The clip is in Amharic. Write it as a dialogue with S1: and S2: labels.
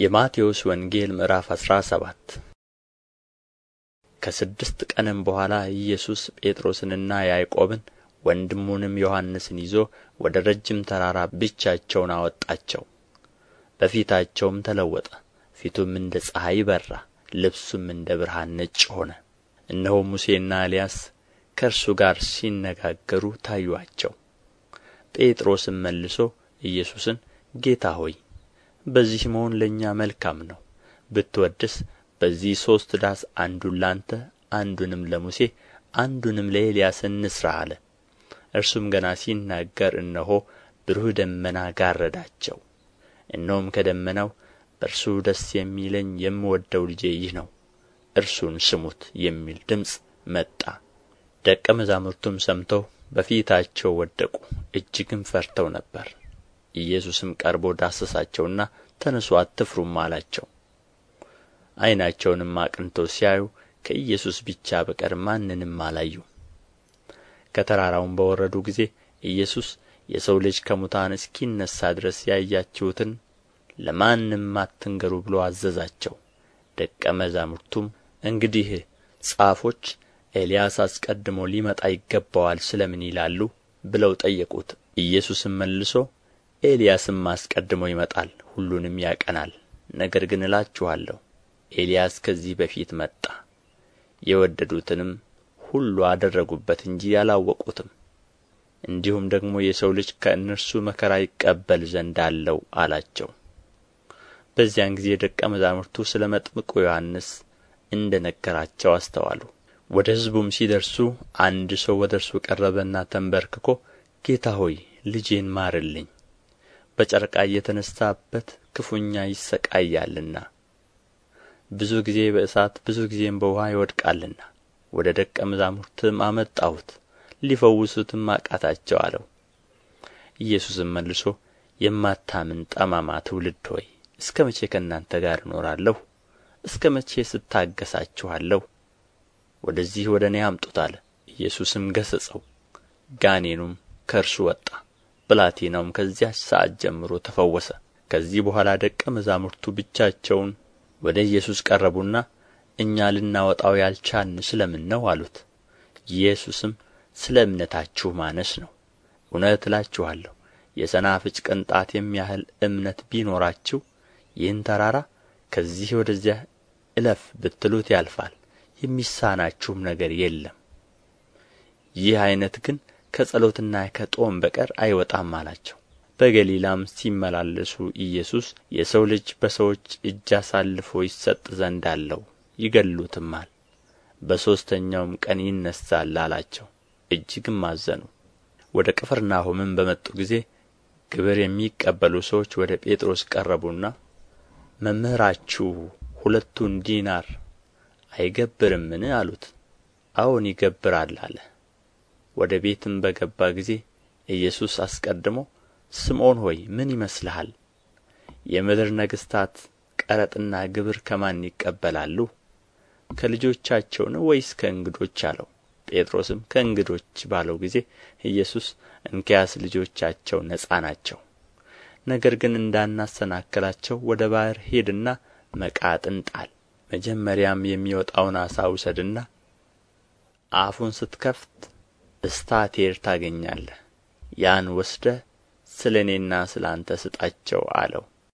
S1: የማቴዎስ ወንጌል ምዕራፍ 17 ከስድስት ቀንም በኋላ ኢየሱስ ጴጥሮስንና ያዕቆብን ወንድሙንም ዮሐንስን ይዞ ወደ ረጅም ተራራ ብቻቸውን አወጣቸው። በፊታቸውም ተለወጠ፣ ፊቱም እንደ ፀሐይ በራ፣ ልብሱም እንደ ብርሃን ነጭ ሆነ። እነሆ ሙሴና ኤልያስ ከእርሱ ጋር ሲነጋገሩ ታዩአቸው። ጴጥሮስም መልሶ ኢየሱስን ጌታ ሆይ በዚህ መሆን ለእኛ መልካም ነው ብትወድስ በዚህ ሦስት ዳስ አንዱን ለአንተ አንዱንም ለሙሴ አንዱንም ለኤልያስ እንሥራ አለ እርሱም ገና ሲናገር እነሆ ብሩህ ደመና ጋረዳቸው እነሆም ከደመናው በእርሱ ደስ የሚለኝ የምወደው ልጄ ይህ ነው እርሱን ስሙት የሚል ድምፅ መጣ ደቀ መዛሙርቱም ሰምተው በፊታቸው ወደቁ እጅግም ፈርተው ነበር ኢየሱስም ቀርቦ ዳሰሳቸውና ተነሡ አትፍሩም አላቸው ዓይናቸውንም አቅንተው ሲያዩ ከኢየሱስ ብቻ በቀር ማንንም አላዩም ከተራራውም በወረዱ ጊዜ ኢየሱስ የሰው ልጅ ከሙታን እስኪነሣ ድረስ ያያችሁትን ለማንም አትንገሩ ብሎ አዘዛቸው ደቀ መዛሙርቱም እንግዲህ ጻፎች ኤልያስ አስቀድሞ ሊመጣ ይገባዋል ስለ ምን ይላሉ ብለው ጠየቁት ኢየሱስም መልሶ ኤልያስም አስቀድሞ ይመጣል ሁሉንም ያቀናል ነገር ግን እላችኋለሁ ኤልያስ ከዚህ በፊት መጣ የወደዱትንም ሁሉ አደረጉበት እንጂ ያላወቁትም እንዲሁም ደግሞ የሰው ልጅ ከእነርሱ መከራ ይቀበል ዘንድ አለው አላቸው በዚያን ጊዜ ደቀ መዛሙርቱ ስለ መጥምቁ ዮሐንስ እንደ ነገራቸው አስተዋሉ ወደ ሕዝቡም ሲደርሱ አንድ ሰው ወደ እርሱ ቀረበና ተንበርክኮ ጌታ ሆይ ልጄን ማርልኝ በጨረቃ እየተነሣበት ክፉኛ ይሣቀያልና ብዙ ጊዜ በእሳት ብዙ ጊዜም በውኃ ይወድቃልና ወደ ደቀ መዛሙርትህም አመጣሁት ሊፈውሱትም አቃታቸው አለው ኢየሱስም መልሶ የማታምን ጠማማ ትውልድ ሆይ እስከ መቼ ከእናንተ ጋር እኖራለሁ እስከ መቼስ እታገሣችኋለሁ ወደዚህ ወደ እኔ አምጡት አለ ኢየሱስም ገሠጸው ጋኔኑም ከእርሱ ወጣ ብላቴናውም ከዚያች ሰዓት ጀምሮ ተፈወሰ ከዚህ በኋላ ደቀ መዛሙርቱ ብቻቸውን ወደ ኢየሱስ ቀረቡና እኛ ልናወጣው ያልቻልን ስለ ምን ነው አሉት ኢየሱስም ስለ እምነታችሁ ማነስ ነው እውነት እላችኋለሁ የሰናፍጭ ቅንጣት የሚያህል እምነት ቢኖራችሁ ይህን ተራራ ከዚህ ወደዚያ እለፍ ብትሉት ያልፋል የሚሳናችሁም ነገር የለም ይህ ዓይነት ግን ከጸሎትና ከጦም በቀር አይወጣም አላቸው በገሊላም ሲመላለሱ ኢየሱስ የሰው ልጅ በሰዎች እጅ አሳልፎ ይሰጥ ዘንድ አለው ይገድሉትማል በሦስተኛውም ቀን ይነሣል አላቸው እጅግም አዘኑ ወደ ቅፍርናሆምም በመጡ ጊዜ ግብር የሚቀበሉ ሰዎች ወደ ጴጥሮስ ቀረቡና መምህራችሁ ሁለቱን ዲናር አይገብርምን አሉት አዎን ይገብራል አለ ወደ ቤትም በገባ ጊዜ ኢየሱስ አስቀድሞ ስምዖን ሆይ ምን ይመስልሃል የምድር ነገሥታት ቀረጥና ግብር ከማን ይቀበላሉ ከልጆቻቸውን ወይስ ከእንግዶች አለው ጴጥሮስም ከእንግዶች ባለው ጊዜ ኢየሱስ እንኪያስ ልጆቻቸው ነጻ ናቸው ነገር ግን እንዳናሰናክላቸው ወደ ባሕር ሄድና መቃጥን ጣል መጀመሪያም የሚወጣውን ዓሣ ውሰድና አፉን ስትከፍት እስታቴር ታገኛለህ ያን ወስደህ ስለ እኔና ስለ አንተ ስጣቸው አለው